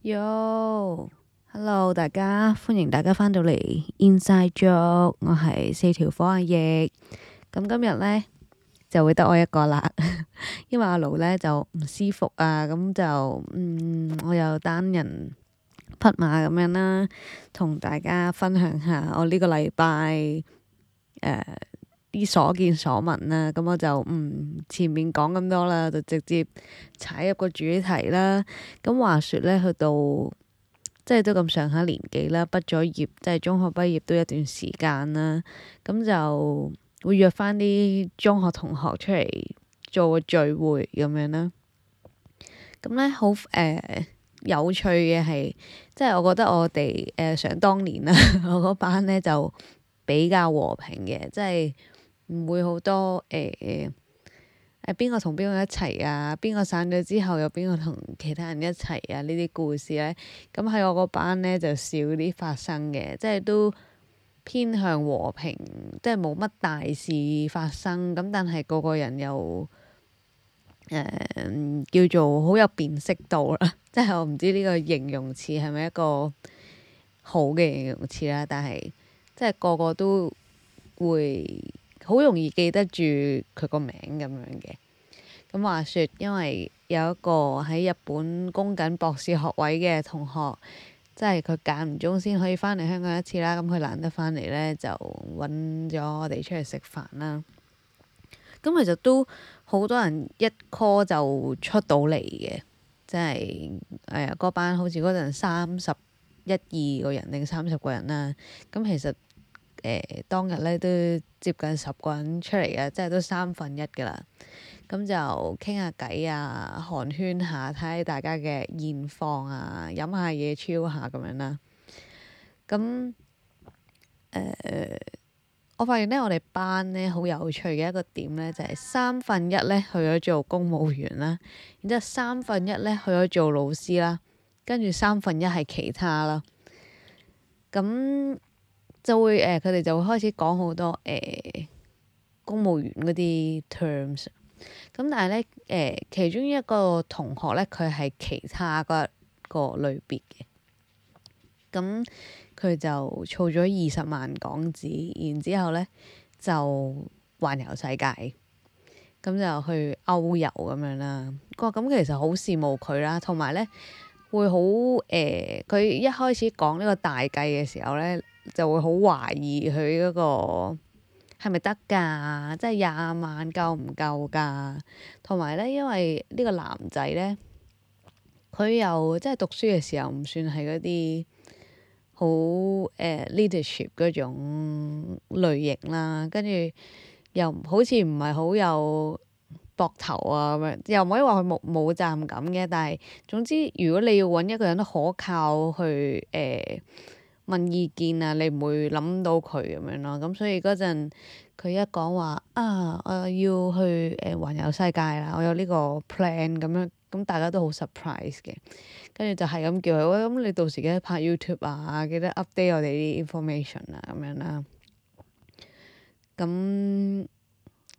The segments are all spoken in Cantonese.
Yo，hello，大家歡迎大家翻到嚟 Inside Joke，我係四條火阿燚，咁今日呢就會得我一個啦， 因為阿盧咧就唔舒服啊，咁就嗯我又單人匹馬咁樣啦、啊，同大家分享下我呢個禮拜、呃啲所見所聞啦，咁我就唔、嗯、前面講咁多啦，就直接踩入個主題啦。咁話説咧，去到即係都咁上下年紀啦，畢咗業即係中學畢業都一段時間啦，咁就會約翻啲中學同學出嚟做個聚會咁樣啦。咁咧好誒、呃、有趣嘅係，即係我覺得我哋誒、呃、想當年啦， 我嗰班咧就比較和平嘅，即係。唔會好多誒誒誒，邊個同邊個一齊啊？邊個、啊、散咗之後，又邊個同其他人一齊啊？呢啲故事呢，咁喺我嗰班呢，就少啲發生嘅，即係都偏向和平，即係冇乜大事發生。咁但係個個人又、呃、叫做好有辨識度啦，即係我唔知呢個形容詞係咪一個好嘅形容詞啦，但係即係個個都會。好容易記得住佢個名咁樣嘅。咁話說，因為有一個喺日本供緊博士學位嘅同學，即係佢間唔中先可以翻嚟香港一次啦。咁佢懶得翻嚟呢，就揾咗我哋出去食飯啦。咁其實都好多人一 call 就出到嚟嘅，即係嗰班好似嗰陣三十一二個人定三十個人啦。咁其實～誒、呃、當日咧都接近十個人出嚟嘅，即係都三分一嘅啦。咁就傾下偈啊，寒暄下，睇大家嘅現況啊，飲下嘢，chill 下咁樣啦。咁、呃、我發現呢，我哋班呢好有趣嘅一個點呢，就係、是、三分一呢去咗做公務員啦，然之後三分一呢去咗做老師啦，跟住三分一係其他啦。咁就會誒，佢、呃、哋就會開始講好多誒、呃、公務員嗰啲 terms。咁但係咧誒，其中一個同學咧，佢係其他個個類別嘅。咁佢就儲咗二十萬港紙，然之後咧就環遊世界，咁就去歐遊咁樣啦。哇！咁其實好羨慕佢啦，同埋咧會好誒，佢、呃、一開始講呢個大計嘅時候咧。就會好懷疑佢嗰個係咪得㗎？即係廿萬夠唔夠㗎？同埋呢，因為呢個男仔呢，佢又即係讀書嘅時候唔算係嗰啲好 leadership 嗰種類型啦，跟住又好似唔係好有膊頭啊咁樣，又唔可以話佢冇冇責任感嘅，但係總之如果你要揾一個人都可靠去誒。Uh, 問意見啊，你唔會諗到佢咁樣咯，咁所以嗰陣佢一講話啊，我要去誒環遊世界啦，我有呢個 plan 咁樣，咁大家都好 surprise 嘅，跟住就係咁叫佢，喂，咁、啊、你到時記得拍 YouTube 啊，記得 update 我哋啲 information 啊，咁樣啦，咁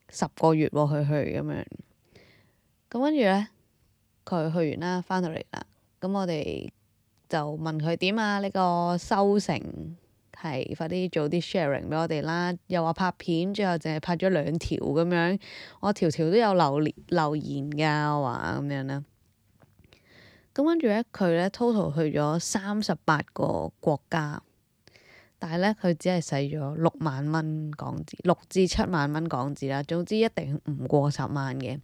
十個月喎，佢去咁樣，咁跟住呢，佢去完啦，翻到嚟啦，咁我哋。就問佢點啊？呢個收成係快啲做啲 sharing 俾我哋啦！又話拍片，最後淨係拍咗兩條咁樣，我條條都有留言留言噶，話咁樣啦。咁跟住咧，佢咧 total 去咗三十八個國家，但係咧佢只係使咗六萬蚊港紙，六至七萬蚊港紙啦。總之一定唔過十萬嘅。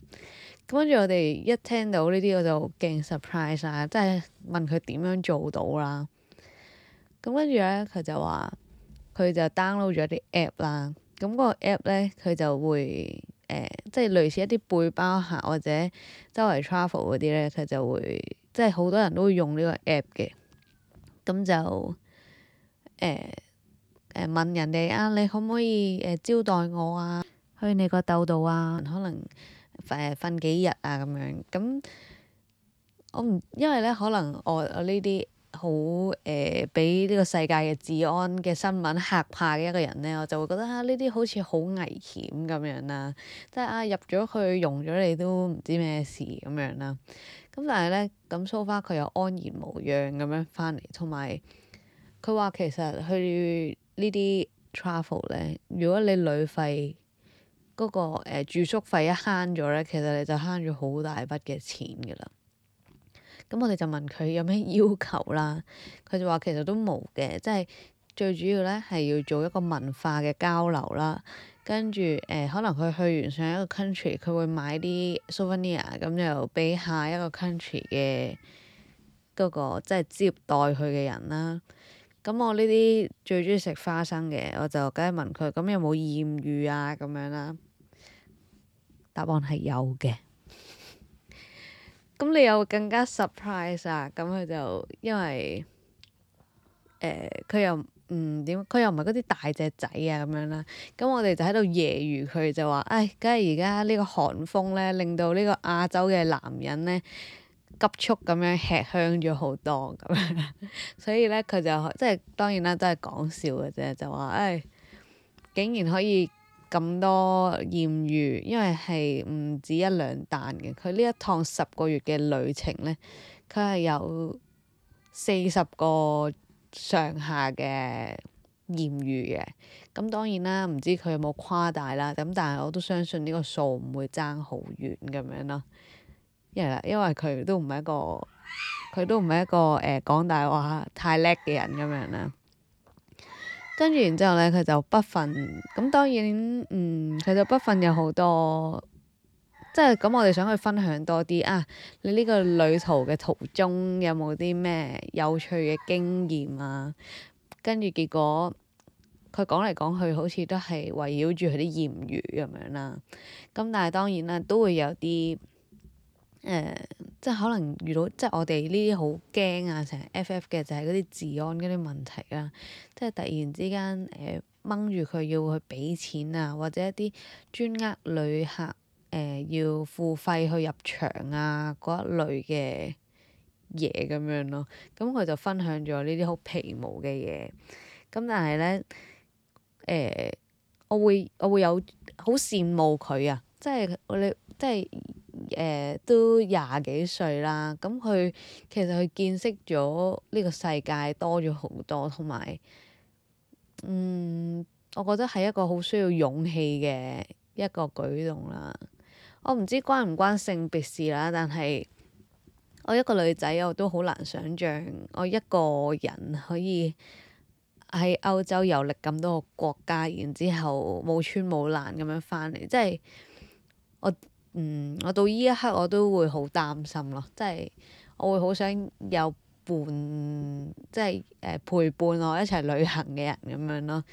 咁跟住我哋一聽到呢啲我就勁 surprise 啊！即係問佢點樣做到啦？咁跟住呢，佢就話佢就 download 咗啲 app 啦。咁嗰個 app 呢，佢就會、呃、即係類似一啲背包客或者周圍 travel 嗰啲呢，佢就會即係好多人都會用呢個 app 嘅。咁就誒、呃、問人哋啊，你可唔可以、呃、招待我啊？去你個竇度啊？可能。瞓、呃、幾日啊咁樣，咁、嗯、我唔，因為咧可能我我呢啲好誒俾呢個世界嘅治安嘅新聞嚇怕嘅一個人咧，我就會覺得啊呢啲好似好危險咁樣啦，即係啊入咗去融咗你都唔知咩事咁樣啦，咁、嗯、但係咧咁蘇花佢又安然無恙咁樣翻嚟，同埋佢話其實去呢啲 travel 咧，如果你旅費嗰個誒住宿費一慳咗咧，其實你就慳咗好大筆嘅錢㗎啦。咁我哋就問佢有咩要求啦，佢就話其實都冇嘅，即係最主要咧係要做一個文化嘅交流啦。跟住誒、呃，可能佢去完上一個 country，佢會買啲 souvenir，咁就俾下一個 country 嘅嗰個即係接待佢嘅人啦。咁我呢啲最中意食花生嘅，我就梗係問佢，咁有冇艷遇啊咁樣啦。答案係有嘅，咁 你有更加 surprise 啊？咁佢就因為佢、呃、又唔點，佢、嗯、又唔係嗰啲大隻仔啊咁樣啦。咁我哋就喺度揶揄佢，就話，唉，梗係而家呢個寒風呢，令到呢個亞洲嘅男人呢，急速咁樣吃香咗好多咁樣。 所以呢，佢就即係當然啦，都係講笑嘅啫，就話，唉、哎，竟然可以咁多艷遇，因為係唔止一兩單嘅。佢呢一趟十個月嘅旅程呢，佢係有四十個上下嘅艷遇嘅。咁、嗯、當然啦，唔知佢有冇誇大啦。咁但係我都相信呢個數唔會爭好遠咁樣咯。因為因為佢都唔係一個，佢都唔係一個誒、呃、講大話太叻嘅人咁樣啦。跟住，然之後咧，佢就不忿。咁當然，嗯，佢就不忿有好多，即係咁，我哋想去分享多啲啊。你呢個旅途嘅途中有冇啲咩有趣嘅經驗啊？跟住結果，佢講嚟講去，好似都係圍繞住佢啲艷遇咁樣啦。咁但係當然啦，都會有啲。誒、呃，即係可能遇到，即係我哋呢啲好驚啊，成日 F.F. 嘅就係嗰啲治安嗰啲問題啦、啊。即係突然之間，掹住佢要去俾錢啊，或者一啲專呃旅客呃，要付費去入場啊嗰一類嘅嘢咁樣咯。咁、嗯、佢就分享咗呢啲好皮毛嘅嘢。咁、嗯、但係呢，誒、呃，我會我會有好羨慕佢啊！即係你，即係。誒都廿幾歲啦，咁佢其實佢見識咗呢個世界多咗好多，同埋嗯，我覺得係一個好需要勇氣嘅一個舉動啦。我唔知關唔關性別事啦，但係我一個女仔，我都好難想象我一個人可以喺歐洲遊歷咁多個國家，然之後冇穿冇爛咁樣翻嚟，即係我。嗯，我到呢一刻我都會好擔心咯，即係我會好想有伴，即係誒陪伴我一齊旅行嘅人咁樣咯。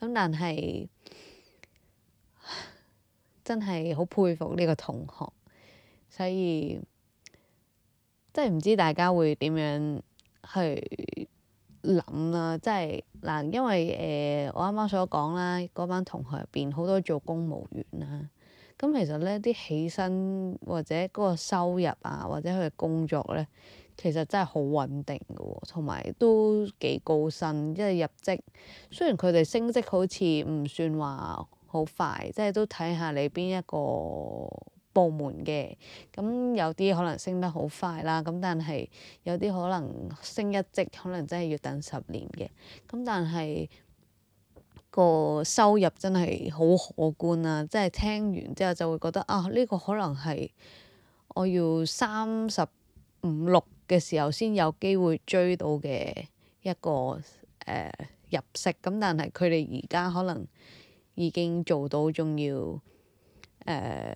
咁但係真係好佩服呢個同學，所以即係唔知大家會點樣去諗啦、啊。即係嗱，因為誒、呃、我啱啱所講啦，嗰班同學入邊好多做公務員啦、啊。咁其實咧，啲起薪或者嗰個收入啊，或者佢嘅工作咧，其實真係好穩定㗎喎、哦，同埋都幾高薪。因為入職雖然佢哋升職好似唔算話好快，即係都睇下你邊一個部門嘅。咁有啲可能升得好快啦，咁但係有啲可能升一職可能真係要等十年嘅。咁但係。個收入真係好可觀啊！即係聽完之後就會覺得啊，呢個可能係我要三十五六嘅時候先有機會追到嘅一個誒入息。咁但係佢哋而家可能已經做到，仲要誒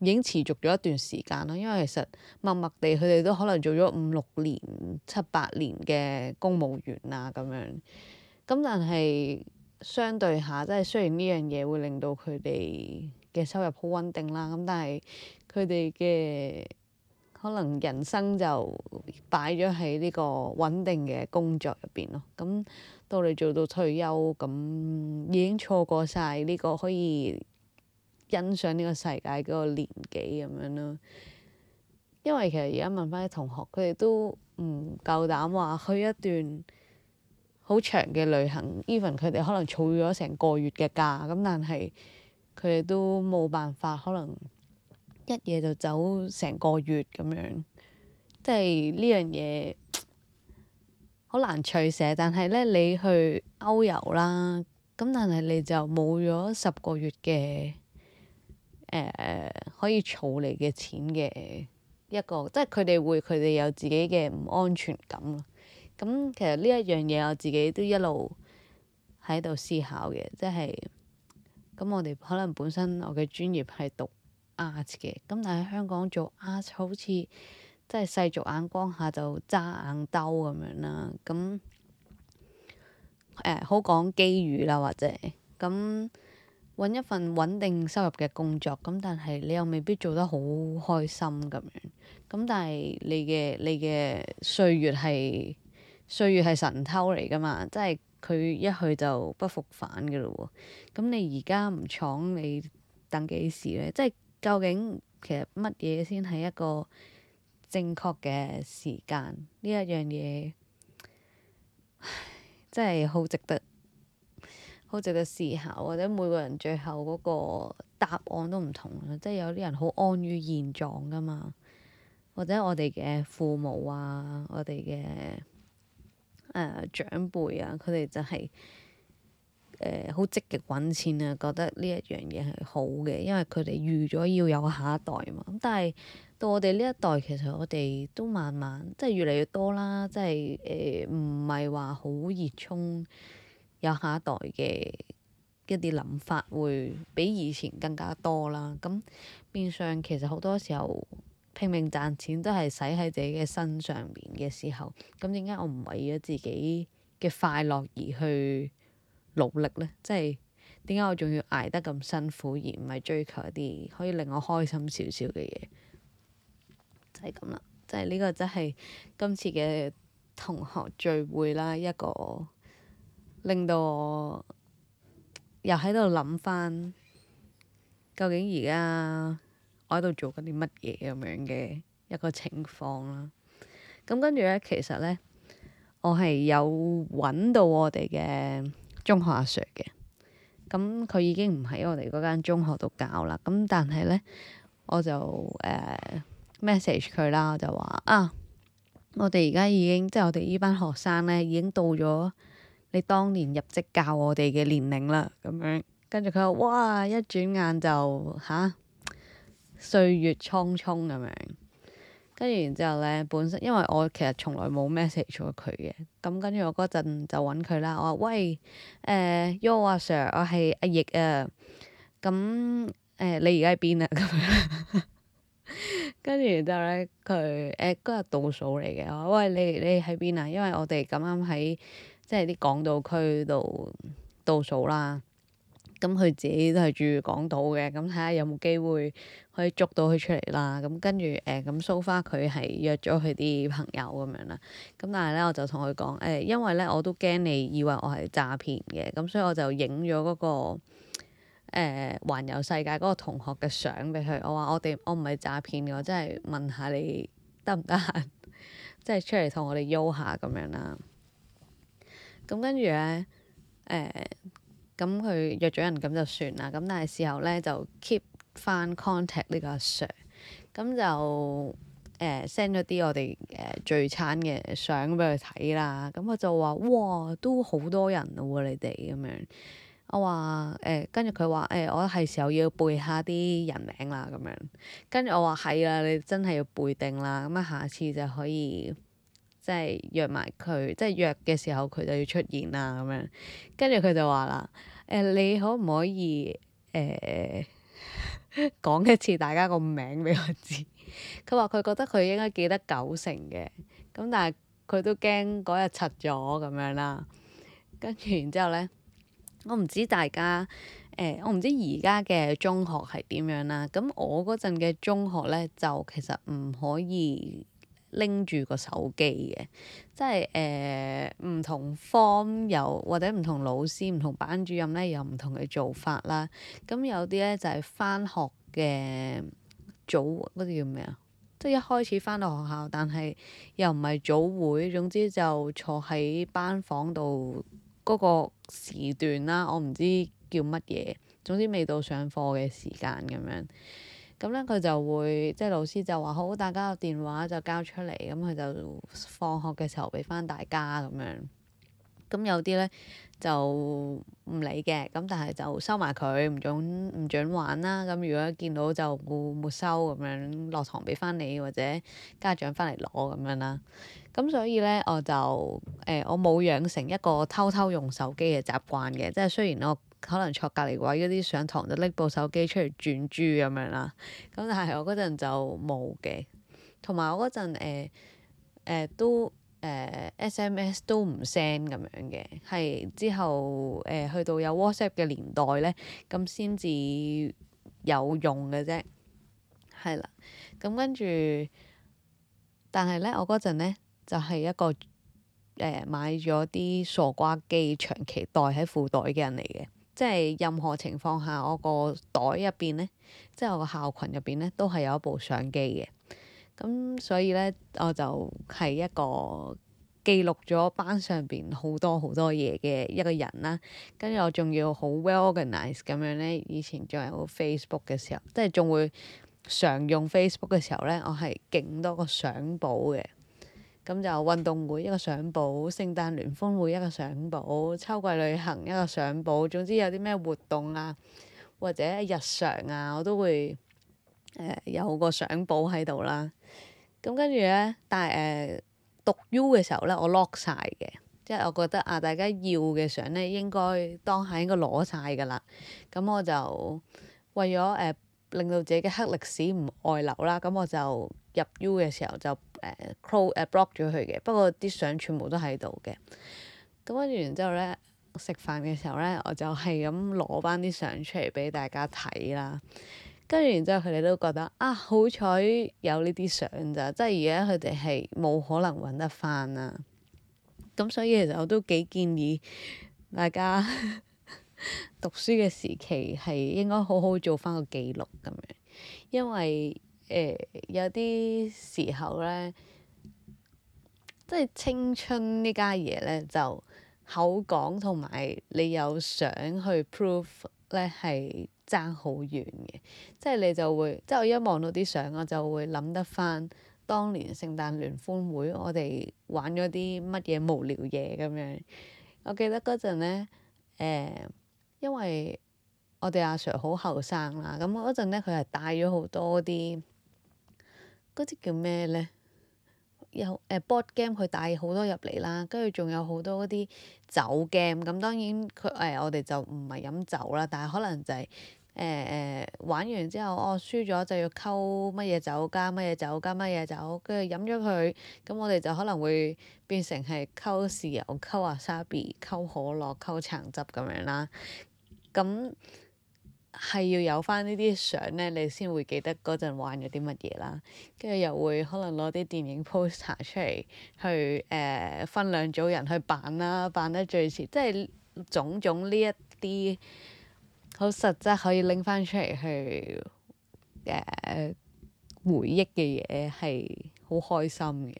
已經持續咗一段時間咯。因為其實默默地佢哋都可能做咗五六年、七八年嘅公務員啊咁樣。咁但係相對下，即係雖然呢樣嘢會令到佢哋嘅收入好穩定啦，咁但係佢哋嘅可能人生就擺咗喺呢個穩定嘅工作入邊咯。咁、嗯、到你做到退休，咁、嗯、已經錯過晒呢個可以欣賞呢個世界嗰個年紀咁樣咯。因為其實而家問翻啲同學，佢哋都唔夠膽話去一段好長嘅旅行，even 佢哋可能儲咗成個月嘅假，咁但係佢哋都冇辦法，可能一夜就走成個月咁樣，即係呢樣嘢好難取捨。但係呢，你去歐遊啦，咁但係你就冇咗十個月嘅誒、呃、可以儲你嘅錢嘅一個，即係佢哋會佢哋有自己嘅唔安全感。咁其實呢一樣嘢，我自己都一路喺度思考嘅，即係咁我哋可能本身我嘅專業係讀 art 嘅，咁但係香港做 art 好似即係世俗眼光下就揸硬兜咁樣啦，咁誒好講機遇啦，或者咁搵一份穩定收入嘅工作，咁但係你又未必做得好開心咁樣，咁但係你嘅你嘅歲月係。歲月係神偷嚟㗎嘛，即係佢一去就不復返㗎嘞喎。咁你而家唔闖，你等幾時呢？即係究竟其實乜嘢先係一個正確嘅時間呢？一樣嘢，真係好值得好值得思考。或者每個人最後嗰個答案都唔同，即係有啲人好安於現狀㗎嘛，或者我哋嘅父母啊，我哋嘅～誒、呃、長輩啊，佢哋就係、係、好、呃、積極揾錢啊，覺得呢一樣嘢係好嘅，因為佢哋預咗要有下一代嘛。咁但係到我哋呢一代，其實我哋都慢慢即係、即係、越嚟越多啦，即係誒唔係話好熱衷有下一代嘅一啲諗法，會比以前更加多啦。咁變相其實好多時候，拼命賺錢都係使喺自己嘅身上面嘅時候，咁點解我唔為咗自己嘅快樂而去努力呢？即係點解我仲要捱得咁辛苦，而唔係追求一啲可以令我開心少少嘅嘢？就係咁啦，即係呢個真係今次嘅同學聚會啦，一個令到我又喺度諗翻究竟而家。我喺度做緊啲乜嘢咁樣嘅一個情況啦。咁跟住咧，其實咧，我係有揾到我哋嘅中學阿 Sir 嘅。咁佢已經唔喺我哋嗰間中學度教啦。咁但係咧，我就誒、uh, message 佢啦，就話啊，我哋而家已經即係我哋依班學生咧，已經到咗你當年入職教我哋嘅年齡啦。咁樣。跟住佢話：哇！一轉眼就嚇。啊歲月匆匆咁樣，跟住然之後咧，本身因為我其實從來冇 message 過佢嘅，咁跟住我嗰陣就揾佢啦，我話喂，誒、呃、Yo 阿 Sir，我係阿燚。啊，咁、嗯、誒、呃、你而家喺邊啊？咁 樣，跟住然之後咧，佢誒嗰日倒數嚟嘅，我話喂，你你喺邊啊？因為我哋咁啱喺即係啲港島區度倒數啦。咁佢自己都係住港島嘅，咁睇下有冇機會可以捉到佢出嚟啦。咁跟住誒，咁收翻佢係約咗佢啲朋友咁樣啦。咁但係咧，我就同佢講誒，因為咧我都驚你以為我係詐騙嘅，咁所以我就影咗嗰個誒環遊世界嗰個同學嘅相俾佢。我話我哋我唔係詐騙嘅，我真係問下你得唔得閒，即係出嚟同我哋喐下咁樣啦。咁跟住咧誒。咁佢約咗人咁就算啦，咁但係時候呢，就 keep 翻 contact 呢個阿 Sir，咁就 send 咗啲我哋、呃、聚餐嘅相俾佢睇啦，咁我就話，哇，都好多人喎，你哋咁樣，我話誒，跟住佢話誒，我係時候要背下啲人名啦咁樣，跟住我話係啊，你真係要背定啦，咁啊下次就可以即係約埋佢，即係約嘅時候佢就要出現啦咁樣，跟住佢就話啦。誒、呃，你可唔可以誒、呃、講一次大家個名俾我知？佢話佢覺得佢應該記得九成嘅，咁但係佢都驚嗰日柒咗咁樣啦。跟住然之後呢，我唔知大家誒、呃，我唔知而家嘅中學係點樣啦。咁我嗰陣嘅中學呢，就其實唔可以。拎住個手機嘅，即係誒唔同方有或者唔同老師、唔同班主任呢，有唔同嘅做法啦。咁有啲呢，就係、是、返學嘅早嗰啲叫咩啊？即係一開始返到學校，但係又唔係早會，總之就坐喺班房度嗰個時段啦。我唔知叫乜嘢，總之未到上課嘅時間咁樣。咁咧佢就會，即係老師就話好，大家個電話就交出嚟，咁佢就放學嘅時候俾翻大家咁樣。咁有啲咧就唔理嘅，咁但係就收埋佢，唔準唔準玩啦。咁如果見到就沒沒收咁樣，落堂俾翻你或者家長翻嚟攞咁樣啦。咁所以咧我就誒，欸，我冇養成一個偷偷用手機嘅習慣嘅，即係雖然我。可能坐隔離位嗰啲上堂就拎部手機出嚟轉珠咁樣啦。咁但係我嗰陣就冇嘅，同埋我嗰陣誒都誒、呃、S M S 都唔 send 咁樣嘅，係之後誒、呃、去到有 WhatsApp 嘅年代咧，咁先至有用嘅啫。係啦，咁跟住，但係咧，我嗰陣咧就係、是、一個誒、呃、買咗啲傻瓜機長期袋喺褲袋嘅人嚟嘅。即係任何情況下，我個袋入邊呢，即係我個校裙入邊呢，都係有一部相機嘅。咁所以呢，我就係一個記錄咗班上邊好多好多嘢嘅一個人啦。跟住我仲要好 well organized 咁樣呢。以前仲有 Facebook 嘅時候，即係仲會常用 Facebook 嘅時候呢，我係勁多個相簿嘅。咁就運動會一個相簿，聖誕聯歡會一個相簿，秋季旅行一個相簿，總之有啲咩活動啊，或者日常啊，我都會、呃、有個相簿喺度啦。咁跟住呢，但係誒、呃、讀 U 嘅時候呢，我 lock 晒嘅，即係我覺得啊，大家要嘅相呢，應該當下應該攞晒㗎啦。咁我就為咗誒、呃、令到自己嘅黑歷史唔外流啦，咁我就。入 U 嘅時候就誒、呃、close、啊、block 咗佢嘅，不過啲相全部都喺度嘅。咁跟住然之後呢，食飯嘅時候呢，我就係咁攞翻啲相出嚟俾大家睇啦。跟住然之後，佢哋都覺得啊，好彩有呢啲相咋，即係而家佢哋係冇可能揾得翻啦。咁所以其實我都幾建議大家 讀書嘅時期係應該好好做翻個記錄咁樣，因為。誒有啲時候咧，即係青春呢家嘢咧，就口講同埋你有想去 prove 咧，係爭好遠嘅。即係你就會，即係我一望到啲相，我就會諗得翻當年聖誕聯歡會，我哋玩咗啲乜嘢無聊嘢咁樣。我記得嗰陣咧，誒，因為我哋阿 sir 好後生啦，咁嗰陣咧佢係帶咗好多啲。嗰啲叫咩呢？有誒、呃、board game 佢帶好多入嚟啦，跟住仲有好多嗰啲酒 game。咁當然佢誒、呃、我哋就唔係飲酒啦，但係可能就係誒誒玩完之後，哦輸咗就要溝乜嘢酒加乜嘢酒加乜嘢酒，跟住飲咗佢，咁我哋就可能會變成係溝豉油、溝阿莎比、溝可樂、溝橙汁咁樣啦。咁係要有翻呢啲相呢，你先會記得嗰陣玩咗啲乜嘢啦。跟住又會可能攞啲電影 poster 出嚟，去、呃、誒分兩組人去扮啦，扮得最似，即係種種呢一啲好實質可以拎翻出嚟去誒、呃、回憶嘅嘢，係好開心嘅。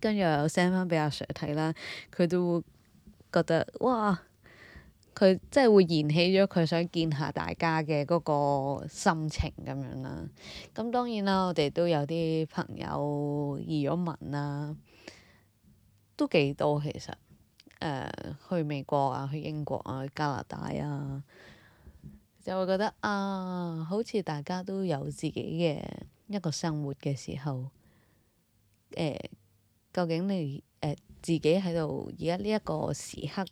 跟住又 send 翻俾阿 Sir 睇啦，佢都會覺得哇！佢真係會燃起咗佢想見下大家嘅嗰個心情咁樣啦。咁當然啦，我哋都有啲朋友移咗民呀，都幾多其實。誒、呃，去美國啊，去英國啊，去加拿大啊，就會覺得啊，好似大家都有自己嘅一個生活嘅時候。誒、呃，究竟你誒、呃、自己喺度而家呢一個時刻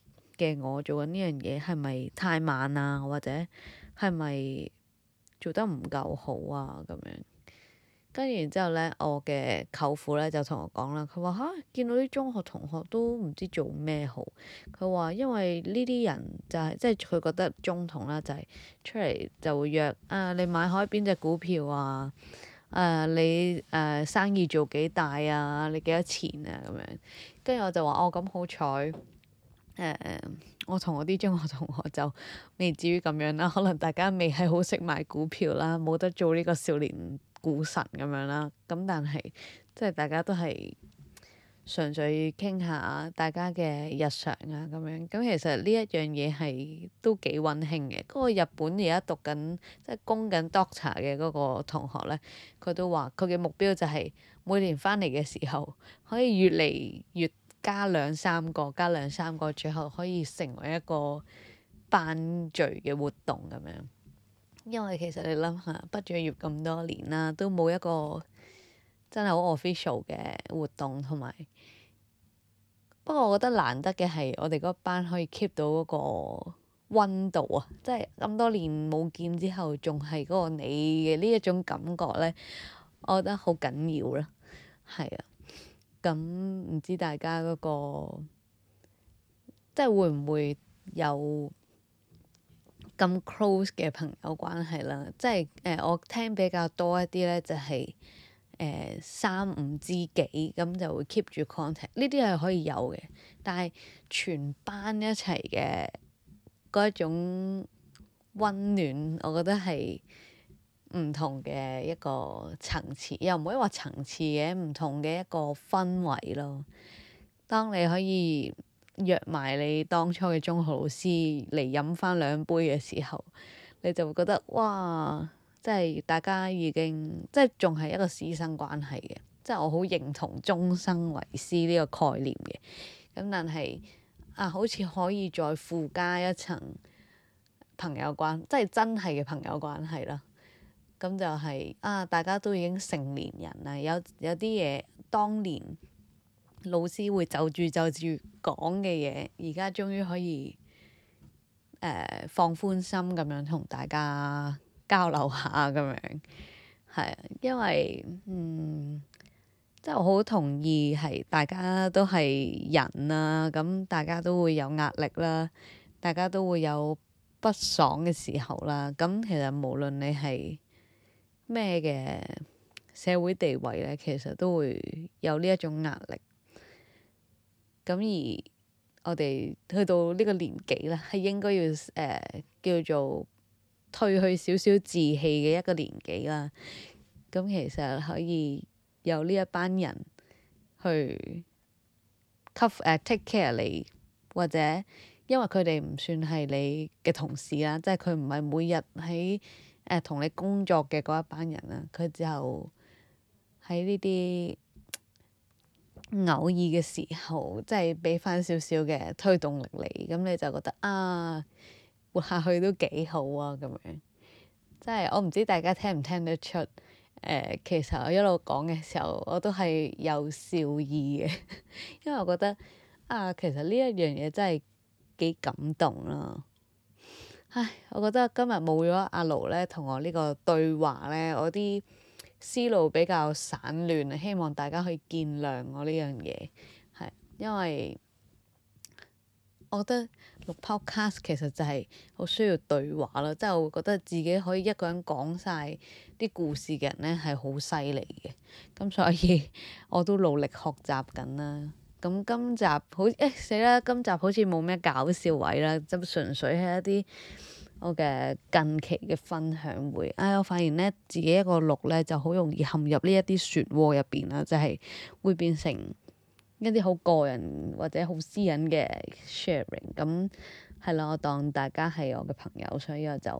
嘅我做緊呢樣嘢係咪太慢啊？或者係咪做得唔夠好啊？咁樣，跟住然之後呢，我嘅舅父呢就同我講啦，佢話吓，見到啲中學同學都唔知做咩好。佢話因為呢啲人就係即係佢覺得中同啦，就係出嚟就會約啊，你買開邊隻股票啊？誒、啊、你誒、啊、生意做幾大啊？你幾多錢啊？咁樣，跟住我就話哦，咁好彩。誒，uh, 我同我啲中學同學就未至於咁樣啦，可能大家未係好識買股票啦，冇得做呢個少年股神咁樣啦。咁但係，即係大家都係純粹傾下大家嘅日常啊咁樣。咁其實呢一樣嘢係都幾温馨嘅。嗰、那個日本而家讀緊即係、就、供、是、緊 doctor 嘅嗰個同學呢，佢都話佢嘅目標就係每年返嚟嘅時候可以越嚟越。加兩三個，加兩三個，最後可以成為一個班聚嘅活動咁樣。因為其實你諗下，畢咗業咁多年啦，都冇一個真係好 official 嘅活動同埋。不過我覺得難得嘅係，我哋嗰班可以 keep 到嗰個温度啊！即係咁多年冇見之後，仲係嗰個你嘅呢一種感覺呢，我覺得好緊要啦。係啊。咁唔、嗯、知大家嗰、那個即係會唔會有咁 close 嘅朋友關係啦？即係誒、呃，我聽比較多一啲呢，就係、是呃、三五知己咁就會 keep 住 contact，呢啲係可以有嘅。但係全班一齊嘅嗰一種温暖，我覺得係。唔同嘅一個層次，又唔可以話層次嘅唔同嘅一個氛圍咯。當你可以約埋你當初嘅中學老師嚟飲翻兩杯嘅時候，你就會覺得哇！即係大家已經即係仲係一個師生關係嘅，即係我好認同終生為師呢個概念嘅。咁但係啊，好似可以再附加一層朋友關，即係真係嘅朋友關係啦。咁就係、是、啊！大家都已經成年人啦，有有啲嘢當年老師會就住就住講嘅嘢，而家終於可以誒、呃、放寬心咁樣同大家交流下咁樣。係啊，因為嗯，即係我好同意係大家都係人啦、啊，咁大家都會有壓力啦，大家都會有不爽嘅時候啦，咁其實無論你係咩嘅社會地位咧，其實都會有呢一種壓力。咁而我哋去到呢個年紀啦，係應該要誒、呃、叫做褪去少少稚氣嘅一個年紀啦。咁其實可以有呢一班人去給誒、呃、take care 你，或者因為佢哋唔算係你嘅同事啦，即係佢唔係每日喺誒同你工作嘅嗰一班人啊，佢就喺呢啲偶爾嘅時候，即係俾翻少少嘅推動力你，咁你就覺得啊，活下去都幾好啊咁樣。即係我唔知大家聽唔聽得出？誒、呃，其實我一路講嘅時候，我都係有笑意嘅， 因為我覺得啊，其實呢一樣嘢真係幾感動咯。唉，我覺得今日冇咗阿盧咧，同我呢個對話呢，我啲思路比較散亂，希望大家可以見諒我呢樣嘢，係因為我覺得錄 podcast 其實就係好需要對話咯，即係我覺得自己可以一個人講晒啲故事嘅人呢，係好犀利嘅，咁所以我都努力學習緊啦。咁今集好誒死啦！今集好似冇咩搞笑位啦，即係純粹係一啲我嘅近期嘅分享會。唉、哎，我發現呢，自己一個錄呢就好容易陷入呢一啲漩渦入邊啦，就係、是、會變成一啲好個人或者好私隱嘅 sharing。咁係咯，我當大家係我嘅朋友，所以我就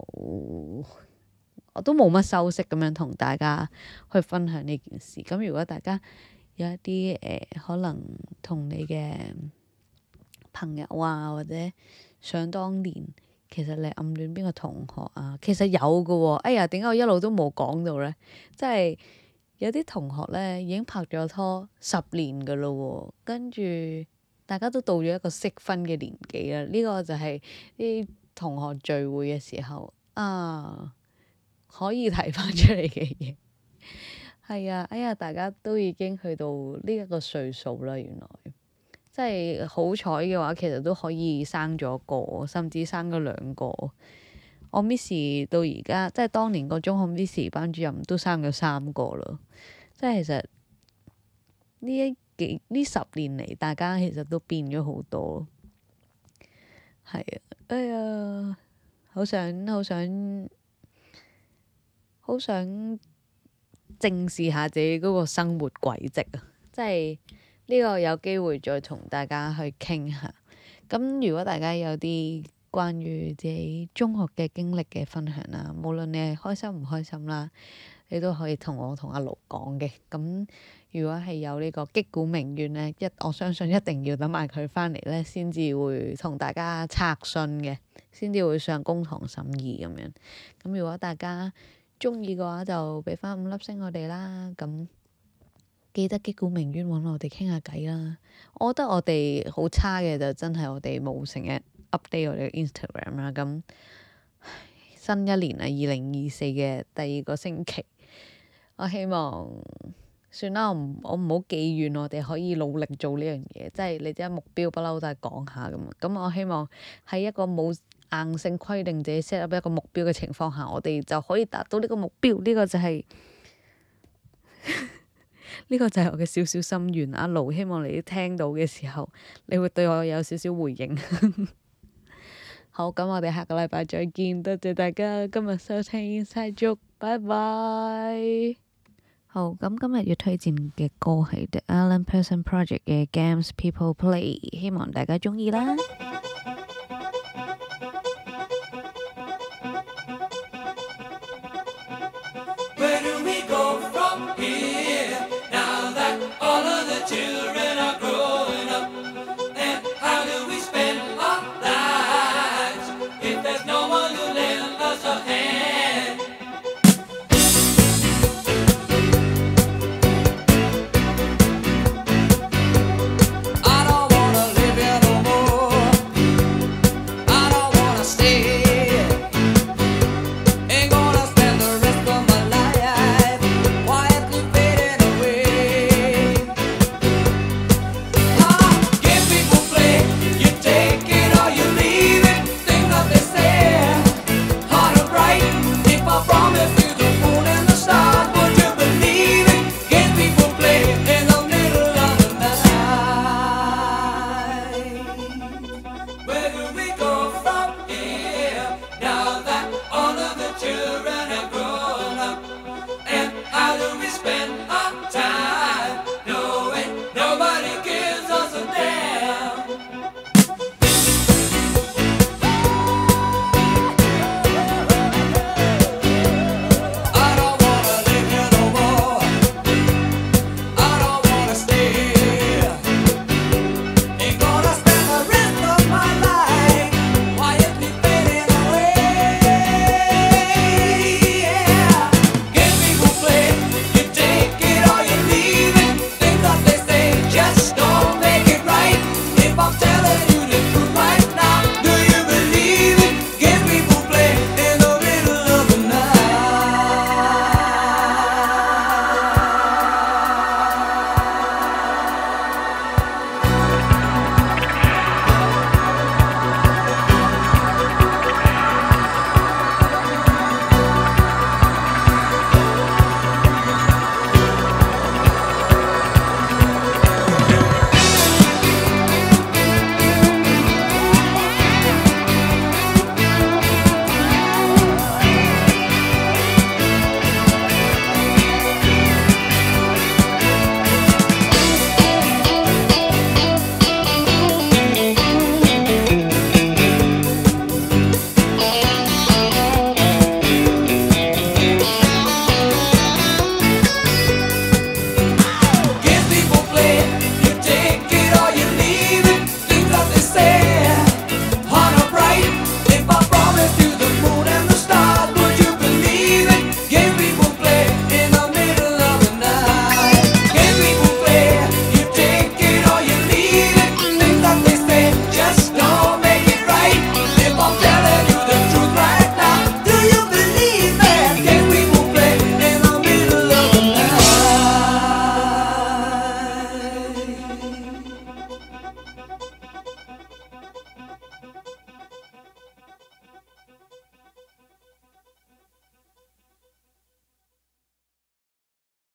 我都冇乜修飾咁樣同大家去分享呢件事。咁如果大家，有一啲誒、呃，可能同你嘅朋友啊，或者想當年其實你暗戀邊個同學啊？其實有嘅喎、哦，哎呀，點解我一路都冇講到呢？即係有啲同學呢，已經拍咗拖十年嘅咯喎，跟住大家都到咗一個適婚嘅年紀啦。呢個就係啲同學聚會嘅時候啊，可以提翻出嚟嘅嘢。係啊，哎呀，大家都已經去到呢一個歲數啦，原來，即係好彩嘅話，其實都可以生咗一個，甚至生咗兩個。我 miss 到而家，即係當年個中學 miss 班主任都生咗三個啦，即係其實呢一幾呢十年嚟，大家其實都變咗好多。係啊，哎呀，好想好想，好想。正視下自己嗰個生活軌跡啊！即係呢個有機會再同大家去傾下。咁如果大家有啲關於自己中學嘅經歷嘅分享啦，無論你係開心唔開心啦，你都可以同我同阿盧講嘅。咁如果係有呢個擊鼓鳴冤呢，一我相信一定要等埋佢返嚟呢，先至會同大家拆信嘅，先至會上公堂審議咁樣。咁如果大家，中意嘅話就俾翻五粒星我哋啦，咁記得擊鼓鳴冤揾我哋傾下偈啦。我覺得我哋好差嘅就真係我哋冇成日 update 我哋嘅 Instagram 啦。咁新一年啊，二零二四嘅第二個星期，我希望算啦，我唔我唔好寄願，我哋可以努力做呢樣嘢，即係你啲目標不嬲都係講下咁。咁我希望喺一個冇硬性規定自己 set up 一個目標嘅情況下，我哋就可以達到呢個目標。呢個就係呢個就係我嘅小小心願。阿盧希望你聽到嘅時候，你會對我有少少回應。好，咁我哋下個禮拜再見，多謝大家今日收聽曬，祝拜拜。好，咁今日要推薦嘅歌係 The Alan Parsons Project 嘅 Games People Play，希望大家中意啦。